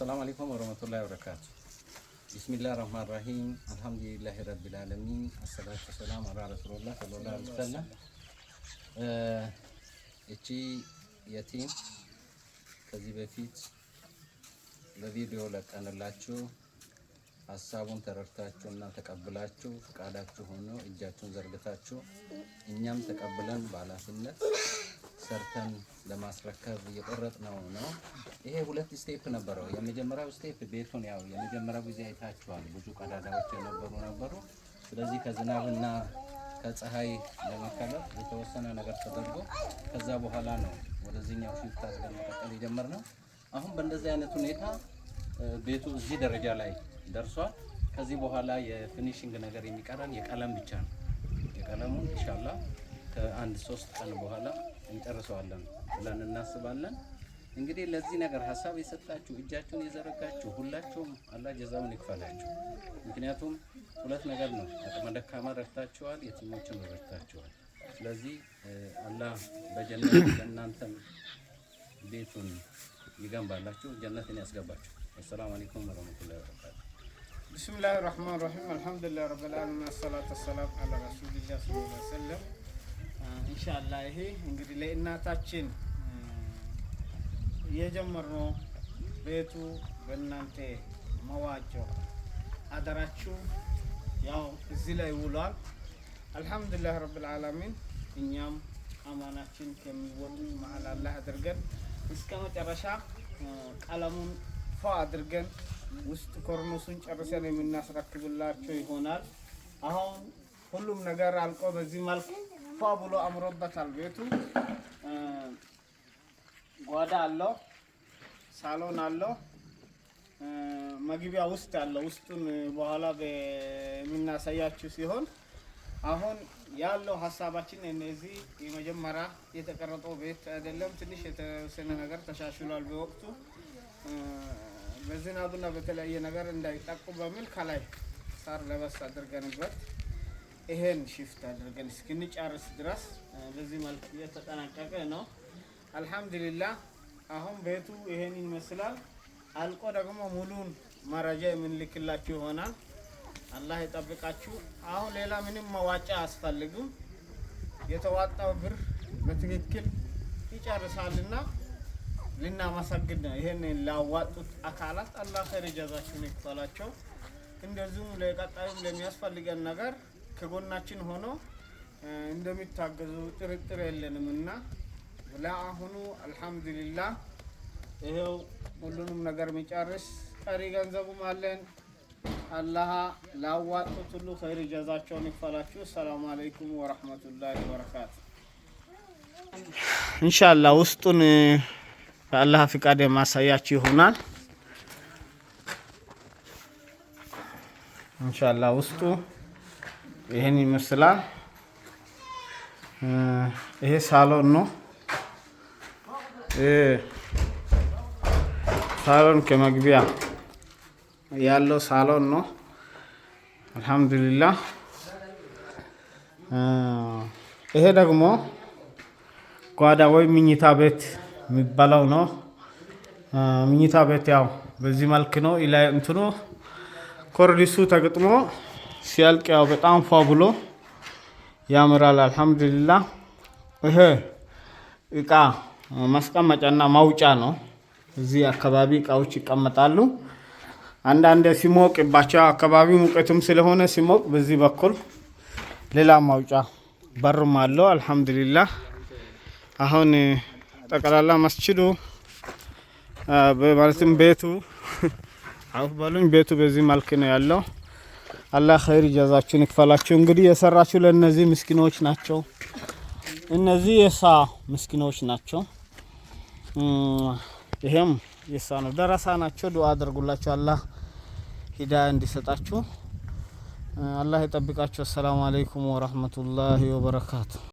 ሰላም አለይኩም ወረህመቱላሂ ወበረካቱ። ቢስሚላህ ረህማን ረሂም አልሐምዱሊላህ ረቢል ዓለሚን አሰላቱ ሰላም አላ ረሱሉላህ ሰለላሁ ዐለይሂ ወሰለም። እቺ የቲም ከዚህ በፊት በቪዲዮ ለቀንላችሁ ሀሳቡን ተረድታችሁ እና ተቀብላችሁ ፈቃዳችሁ ሆኖ እጃችሁን ዘርግታችሁ እኛም ተቀብለን በኃላፊነት ሰርተን ለማስረከብ እየቆረጥ ነው ነው። ይሄ ሁለት ስቴፕ ነበረው። የመጀመሪያው ስቴፕ ቤቱን ያው የመጀመሪያው ጊዜ አይታችኋል፣ ብዙ ቀዳዳዎች የነበሩ ነበሩ። ስለዚህ ከዝናብና ከፀሐይ ለመከለፍ የተወሰነ ነገር ተደርጎ ከዛ በኋላ ነው ወደዚህኛው ሽፍት አድርገን መቀጠል የጀመርነው። አሁን በእንደዚህ አይነት ሁኔታ ቤቱ እዚህ ደረጃ ላይ ደርሷል። ከዚህ በኋላ የፊኒሽንግ ነገር የሚቀረን የቀለም ብቻ ነው። የቀለሙ ኢንሻላህ ከአንድ ሶስት ቀን በኋላ እንጨርሰዋለን ብለን እናስባለን። እንግዲህ ለዚህ ነገር ሀሳብ የሰጣችሁ እጃችሁን የዘረጋችሁ ሁላችሁም አላህ ጀዛውን ይክፈላችሁ። ምክንያቱም ሁለት ነገር ነው፣ አቅመ ደካማ ረድታችኋል፣ የትኞችን ረድታችኋል። ስለዚህ አላህ በጀነት ለእናንተም ቤቱን ይገንባላችሁ፣ ጀነትን ያስገባችሁ። አሰላሙ አለይኩም ወረህመቱላሂ ወበረካቱ። ቢስሚላሂ ረህማን ረሂም አልሐምዱሊላሂ ረብል ዓለሚን አሰላቱ ወሰላም አላ ረሱሊላህ ሰለላሁ ዐለይሂ ወሰለም እንሻላ ይሄ እንግዲህ ለእናታችን የጀመርነው ቤቱ በእናንተ መዋጮ አደራችሁ ያው እዚህ ላይ ውሏል። አልሐምዱሊላህ ረብል ዓለሚን እኛም አማናችን ከሚወጡ መሀል አላህ አድርገን እስከ መጨረሻ ቀለሙን ፎ አድርገን ውስጥ ኮርኖሱን ጨርሰን የምናስረክብላቸው ይሆናል። አሁን ሁሉም ነገር አልቆ በዚህ መልኩ ፏ ብሎ አምሮበታል። ቤቱ ጓዳ አለው፣ ሳሎን አለው፣ መግቢያ ውስጥ ያለው ውስጡን በኋላ የምናሳያችሁ ሲሆን አሁን ያለው ሀሳባችን እነዚህ የመጀመሪያ የተቀረጠው ቤት አይደለም። ትንሽ የተወሰነ ነገር ተሻሽሏል። በወቅቱ በዝናቡና በተለያየ ነገር እንዳይጠቁ በሚል ከላይ ሳር ለበስ አድርገንበት ይሄን ሽፍት አድርገን እስክንጨርስ ድረስ በዚህ መልክ እየተጠናቀቀ ነው። አልሐምዱሊላህ አሁን ቤቱ ይሄን ይመስላል። አልቆ ደግሞ ሙሉን መረጃ የምንልክላችሁ ይሆናል። አላህ ይጠብቃችሁ። አሁን ሌላ ምንም መዋጫ አያስፈልግም። የተዋጣው ብር በትክክል ይጨርሳልና ልናመሰግን ነው። ይሄን ላዋጡት አካላት አላህ ኸይር ጀዛችሁን ይክፈላቸው። እንደዚሁም ለቀጣዩም ለሚያስፈልገን ነገር ከጎናችን ሆኖ እንደሚታገዙ ጥርጥር የለንም እና ለአሁኑ አልሐምዱሊላ ይሄው ሁሉንም ነገር የሚጨርስ ቀሪ ገንዘቡም አለን። አላህ ላዋጡት ሁሉ ኸይር ጀዛቸውን ይፈላችሁ። ሰላሙ አለይኩም ወረሕመቱላሂ ወበረካቱ። እንሻላ ውስጡን በአላህ ፍቃድ የማሳያችሁ ይሆናል። እንሻላ ውስጡ ይህን ይመስላል። ይሄ ሳሎን ነው። ሳሎን ከመግቢያ ያለው ሳሎን ነው። አልሐምዱሊላ ይሄ ደግሞ ጓዳ ወይም ምኝታ ቤት የሚባለው ነው። ምኝታ ቤት ያው በዚህ መልክ ነው። ኢላይ እንትኑ ኮርዲሱ ተገጥሞ ሲያልቅ ያው በጣም ፏ ብሎ ያምራል። አልሐምዱሊላ ይሄ እቃ ማስቀመጫና ማውጫ ነው። እዚህ አካባቢ እቃዎች ይቀመጣሉ። አንዳንድ ሲሞቅባቸው አካባቢ ሙቀትም ስለሆነ ሲሞቅ በዚህ በኩል ሌላ ማውጫ በርም አለው። አልሐምዱሊላ አሁን ጠቅላላ መስችዱ ማለትም ቤቱ አሁን በሉኝ ቤቱ በዚህ መልክ ነው ያለው። አላህ ኸይር ጀዛችሁን ይክፈላችሁ። እንግዲህ የሰራችሁ ለእነዚህ ምስኪኖች ናቸው። እነዚህ የሳ ምስኪኖች ናቸው። ይሄም የሳ ነው፣ ደረሳ ናቸው። ዱአ አድርጉላችሁ አላህ ሂዳ እንዲሰጣችሁ አላህ ይጠብቃችሁ። አሰላሙ አለይኩም ወራህመቱላሂ ወበረካቱ።